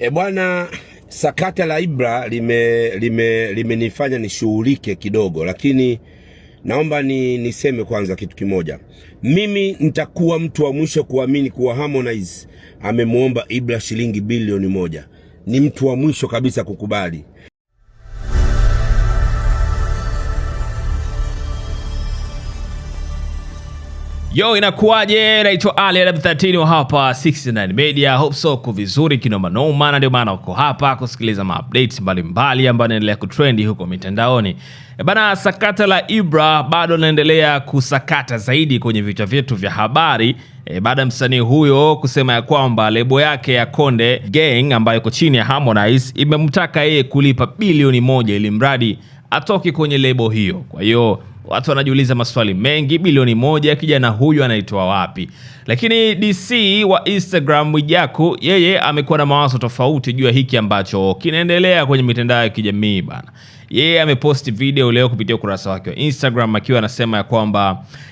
E bwana, sakata la Ibra limenifanya lime, lime nishughulike kidogo, lakini naomba ni, niseme kwanza kitu kimoja. Mimi nitakuwa mtu wa mwisho kuamini kuwa Harmonize amemwomba Ibra shilingi bilioni moja. Ni mtu wa mwisho kabisa kukubali. Yo, inakuwaje? Naitwa Ali Adam 13 wa hapa 69 Media. Hope so uko vizuri kinoma noma, na ndio maana uko hapa kusikiliza maupdates mbalimbali ambayo yanaendelea kutrendi huko mitandaoni. E bana, sakata la Ibra bado linaendelea kusakata zaidi kwenye vichwa vyetu vya habari e, baada ya msanii huyo kusema ya kwamba lebo yake ya Konde Gang ambayo iko chini ya Harmonize imemtaka yeye kulipa bilioni moja ili mradi atoke kwenye lebo hiyo. Kwa hiyo Watu wanajiuliza maswali mengi, bilioni moja kijana huyu anaitoa wapi? Lakini DC wa Instagram Mwijaku yeye amekuwa na mawazo tofauti juu ya hiki ambacho kinaendelea kwenye mitandao ya kijamii bana yeye yeah, amepost video leo kupitia ukurasa wake wa Instagram akiwa anasema ya kwamba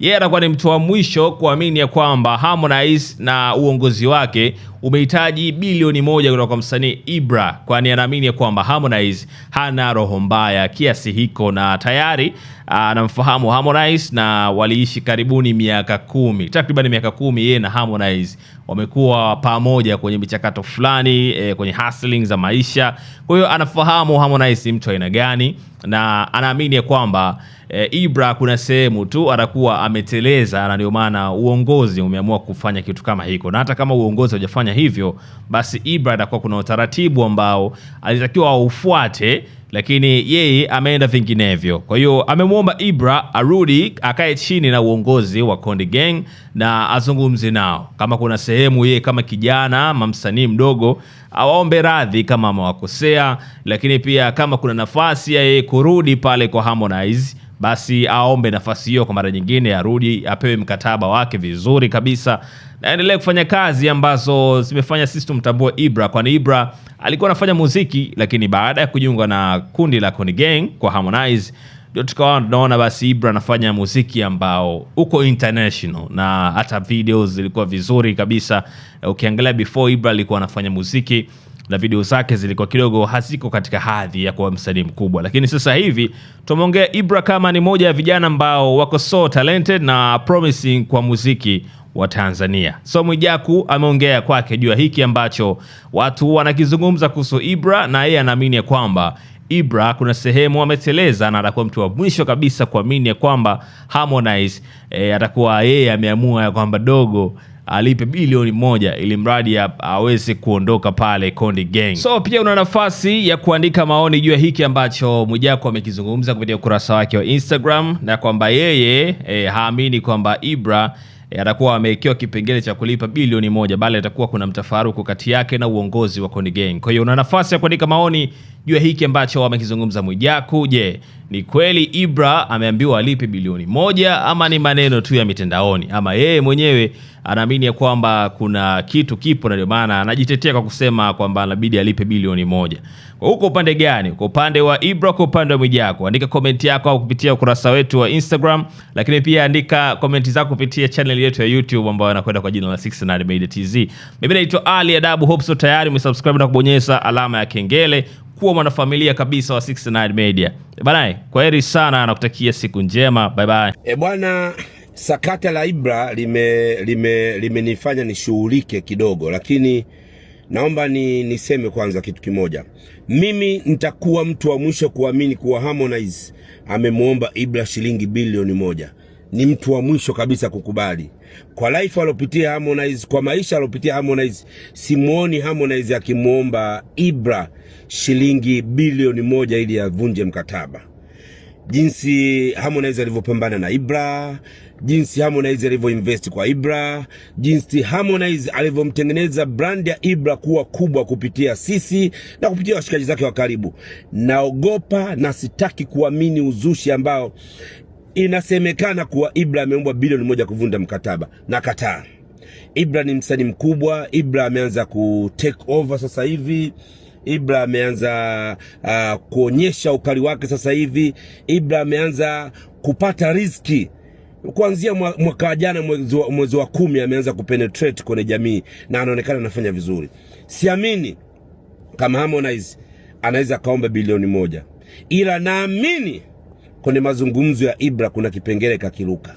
yeye yeah, anakuwa ni mtu wa mwisho kuamini ya kwamba Harmonize na uongozi wake umehitaji bilioni moja kutoka kwa msanii Ibra, kwani anaamini ya kwamba Harmonize hana roho mbaya kiasi hiko, na tayari ah, anamfahamu Harmonize na waliishi karibuni miaka kumi, takriban miaka kumi. Yeye na Harmonize wamekuwa pamoja kwenye michakato fulani e, kwenye hustling za maisha, kwa hiyo anafahamu Harmonize mtu aina gani fulani, na anaamini ya kwamba e, Ibra kuna sehemu tu atakuwa ameteleza, na ndio maana uongozi umeamua kufanya kitu kama hiko, na hata kama uongozi hujafanya hivyo, basi Ibra atakuwa kuna utaratibu ambao alitakiwa aufuate lakini yeye ameenda vinginevyo. Kwa hiyo amemwomba Ibra arudi akae chini na uongozi wa Konde Gang na azungumze nao, kama kuna sehemu yeye kama kijana ama msanii mdogo awaombe radhi kama amewakosea, lakini pia kama kuna nafasi ya yeye kurudi pale kwa Harmonize basi aombe nafasi hiyo kwa mara nyingine, arudi apewe mkataba wake vizuri kabisa na kufanya kazi ambazo zimefanya sisi tumtambue Ibra, kwani Ibra alikuwa anafanya muziki, lakini baada ya kujiunga na kundi la Konde Gang kwa Harmonize ndio tukawa tunaona basi Ibra anafanya muziki ambao uko international na hata videos zilikuwa vizuri kabisa. Ukiangalia before Ibra alikuwa anafanya muziki na video zake zilikuwa kidogo haziko katika hadhi ya kuwa msanii mkubwa, lakini sasa hivi tumeongea Ibra kama ni moja ya vijana ambao wako so talented na promising kwa muziki wa Tanzania. So Mwijaku ameongea kwake juu ya hiki ambacho watu wanakizungumza kuhusu Ibra, na yeye anaamini ya kwamba Ibra kuna sehemu ameteleza na atakuwa mtu wa mwisho kabisa kuamini ya kwamba Harmonize e, atakuwa yeye ameamua ya kwamba dogo alipe bilioni moja ili mradi aweze kuondoka pale Konde Gang. So pia una nafasi ya kuandika maoni juu ya hiki ambacho Mwijaku amekizungumza kupitia ukurasa wake wa Instagram na kwamba yeye e, haamini kwamba Ibra e, atakuwa amewekewa kipengele cha kulipa bilioni moja bali atakuwa kuna mtafaruku kati yake na uongozi wa Konde Gang. Kwa hiyo una nafasi ya kuandika maoni juu ya hiki ambacho amekizungumza Mwijaku. Je, ni kweli Ibra ameambiwa alipe bilioni moja ama ni maneno tu ya mitandaoni, ama yeye mwenyewe anaamini ya kwamba kuna kitu kipo, na ndio maana anajitetea kwa kusema kwamba anabidi alipe bilioni moja. Kwa huko upande gani? Kwa upande wa Ibra, kwa upande wa Mwijako? Andika komenti yako au kupitia ukurasa wetu wa Instagram, lakini pia andika komenti zako kupitia channel yetu ya YouTube ambayo anakwenda kwa jina la 69 Media TZ. Mimi naitwa Ali Adabu, hope so tayari umesubscribe na kubonyeza alama ya kengele kuwa mwanafamilia kabisa wa 69 Media. Banae, kwaheri sana, kutakia siku njema, bye bye. E bwana, sakata la Ibra limenifanya lime, limenifanya nishughulike kidogo, lakini naomba ni, niseme kwanza kitu kimoja. Mimi nitakuwa mtu wa mwisho kuamini kuwa Harmonize amemwomba Ibra shilingi bilioni moja ni mtu wa mwisho kabisa kukubali kwa life alopitia Harmonize, kwa maisha alopitia Harmonize. Simuoni Harmonize akimwomba Ibra shilingi bilioni moja ili avunje mkataba. Jinsi Harmonize alivyopambana na Ibra, jinsi Harmonize alivyoinvest kwa Ibra, jinsi Harmonize alivyomtengeneza brand ya Ibra kuwa kubwa kupitia sisi na kupitia washikaji zake wa karibu. Naogopa na sitaki kuamini uzushi ambao Inasemekana kuwa Ibra ameombwa bilioni moja kuvunda mkataba na kataa. Ibra ni msanii mkubwa. Ibra ameanza ku take over sasa hivi. Ibra ameanza uh, kuonyesha ukali wake sasa hivi. Ibra ameanza kupata riziki kuanzia mwaka jana mwezi wa kumi ameanza kupenetrate kwenye jamii na anaonekana anafanya vizuri. Siamini kama Harmonize anaweza akaomba bilioni moja, ila naamini kwenye mazungumzo ya Ibra kuna kipengele kakiruka,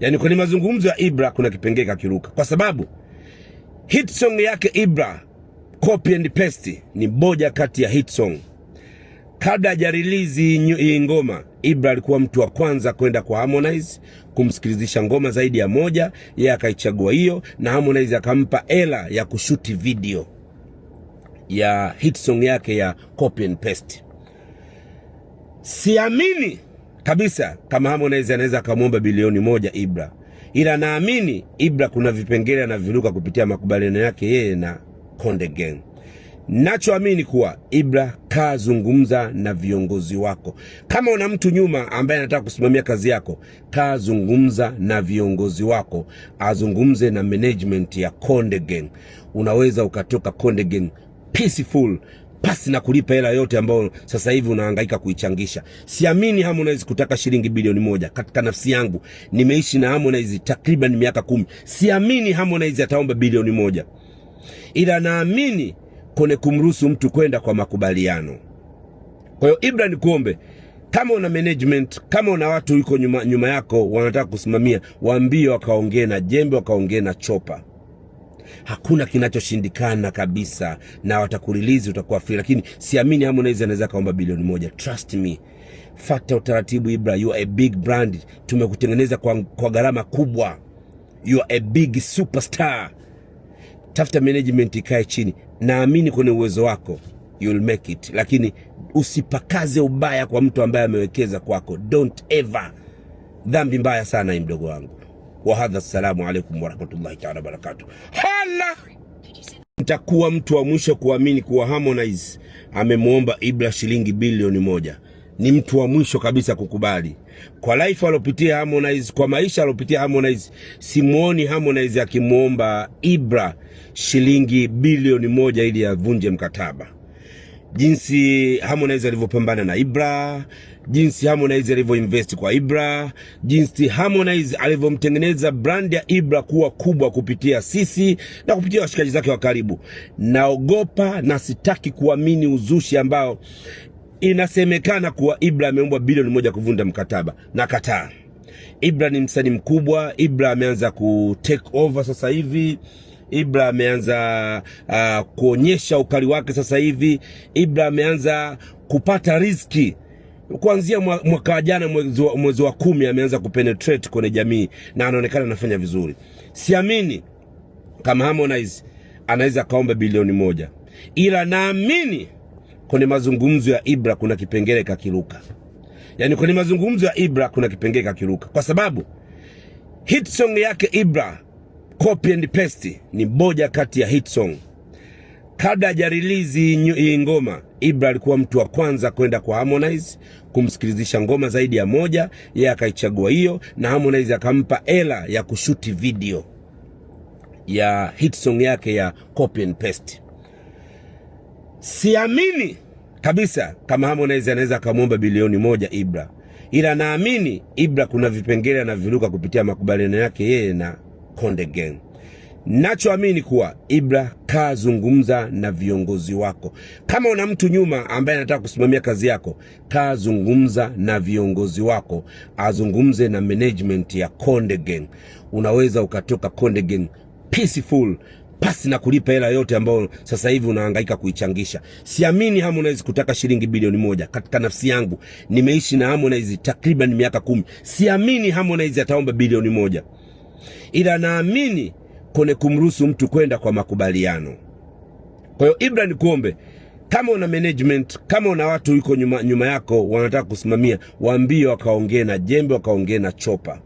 yaani kwenye mazungumzo ya Ibra kuna kipengele kakiruka, kwa sababu hit song yake Ibra copy and paste ni moja kati ya hit song. Kabla hajarilizi hii ngoma, Ibra alikuwa mtu wa kwanza kwenda kwa Harmonize kumsikilizisha ngoma zaidi ya moja, yeye akaichagua hiyo, na Harmonize akampa ela ya kushuti video ya hit song yake ya copy and paste. Siamini kabisa kama Harmonize anaweza akamwomba bilioni moja Ibra, ila naamini Ibra kuna vipengele anaviruka kupitia makubaliano yake yeye na Konde Gang. Nachoamini kuwa Ibra, kazungumza na viongozi wako. Kama una mtu nyuma ambaye anataka kusimamia kazi yako, kazungumza na viongozi wako, azungumze na management ya Konde Gang. Unaweza ukatoka Konde Gang peaceful pasi na kulipa hela yote ambayo sasa hivi unahangaika kuichangisha. Siamini Harmonize kutaka shilingi bilioni moja. Katika nafsi yangu nimeishi na Harmonize takriban miaka kumi, siamini Harmonize ataomba bilioni moja, ila naamini kone kumruhusu mtu kwenda kwa makubaliano. Kwa hiyo Ibra, nikuombe kama una management, kama una watu yuko nyuma, nyuma yako wanataka kusimamia, waambie wakaongee na jembe, wakaongee na chopa hakuna kinachoshindikana kabisa, na watakurilizi utakuwa free, lakini siamini Harmonize anaweza kaomba bilioni moja. Trust me, fata utaratibu. Ibra, you are a big brand, tumekutengeneza kwa, kwa gharama kubwa. You are a big superstar. Tafuta management ikae chini, naamini kwenye uwezo wako you'll make it, lakini usipakaze ubaya kwa mtu ambaye amewekeza kwako. Don't ever, dhambi mbaya sana, mdogo wangu wa hadha. Assalamu alaikum warahmatullahi taala wabarakatuh. Hala, ntakuwa mtu wa mwisho kuamini kuwa Harmonize amemwomba Ibra shilingi bilioni moja. Ni mtu wa mwisho kabisa kukubali. Kwa life alopitia Harmonize, kwa maisha alopitia Harmonize, simuoni Harmonize akimwomba Ibra shilingi bilioni moja ili avunje mkataba jinsi Harmonize alivyopambana na Ibra, jinsi Harmonize alivyoinvest kwa Ibra, jinsi Harmonize alivyomtengeneza brand ya Ibra kuwa kubwa kupitia sisi na kupitia washikaji zake wa karibu. Naogopa na sitaki kuamini uzushi ambao inasemekana kuwa Ibra ameombwa bilioni moja kuvunda mkataba. Nakataa. Ibra ni msanii mkubwa. Ibra ameanza ku take over sasa hivi. Ibra ameanza uh, kuonyesha ukali wake sasa hivi. Ibra ameanza kupata riziki kuanzia mwaka jana mwezi wa kumi ameanza kupenetrate kwenye jamii na anaonekana anafanya vizuri. Siamini kama Harmonize anaweza kaomba bilioni moja, ila naamini kwenye mazungumzo ya Ibra kuna kipengele kakiruka. Yaani kwenye mazungumzo ya Ibra kuna kipengele kakiruka, kwa sababu hit song yake Ibra Copy and Paste ni moja kati ya hit song. Kabla hajarilizi hii ngoma, Ibra alikuwa mtu wa kwanza kwenda kwa Harmonize kumsikilizisha ngoma zaidi ya moja, yeye akaichagua hiyo, na Harmonize akampa ela ya kushuti video ya hit song yake ya Copy and Paste. Siamini kabisa kama Harmonize anaweza akamwomba bilioni moja Ibra, ila naamini Ibra kuna vipengele anaviruka kupitia makubaliano yake yeye na Konde Gang. Nachoamini kuwa Ibra, kaa zungumza na viongozi wako. Kama una mtu nyuma ambaye anataka kusimamia kazi yako, kaa zungumza na viongozi wako, azungumze na management ya Konde Gang. Unaweza ukatoka Konde Gang peaceful pasi na kulipa hela yote ambayo sasa hivi unahangaika kuichangisha. Siamini Harmonize kutaka shilingi bilioni moja. Katika nafsi yangu nimeishi na Harmonize takriban miaka kumi, siamini Harmonize ataomba bilioni moja ila naamini kone kumruhusu mtu kwenda kwa makubaliano. Kwa hiyo Ibra, ni kuombe kama una management, kama una watu yuko nyuma, nyuma yako wanataka kusimamia, waambie wakaongee na jembe, wakaongee na chopa.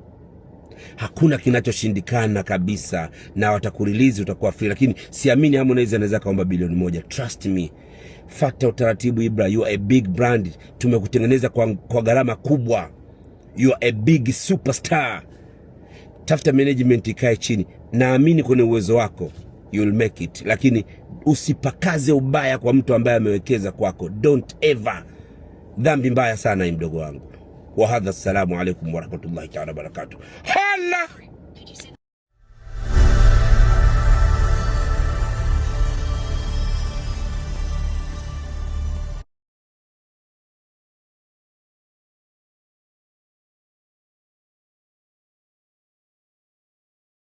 Hakuna kinachoshindikana kabisa, na watakurilizi utakuwa free, lakini siamini Harmonize anaweza kaomba bilioni moja. Trust me, fata utaratibu. Ibra, you are a big brand, tumekutengeneza kwa, kwa gharama kubwa. You are a big superstar tafuta management ikae chini. Naamini kwenye uwezo wako you'll make it, lakini usipakaze ubaya kwa mtu ambaye amewekeza kwako. Don't ever, dhambi mbaya sana mdogo wangu. Wahadha, assalamu alaikum warahmatullahi taala wabarakatuh.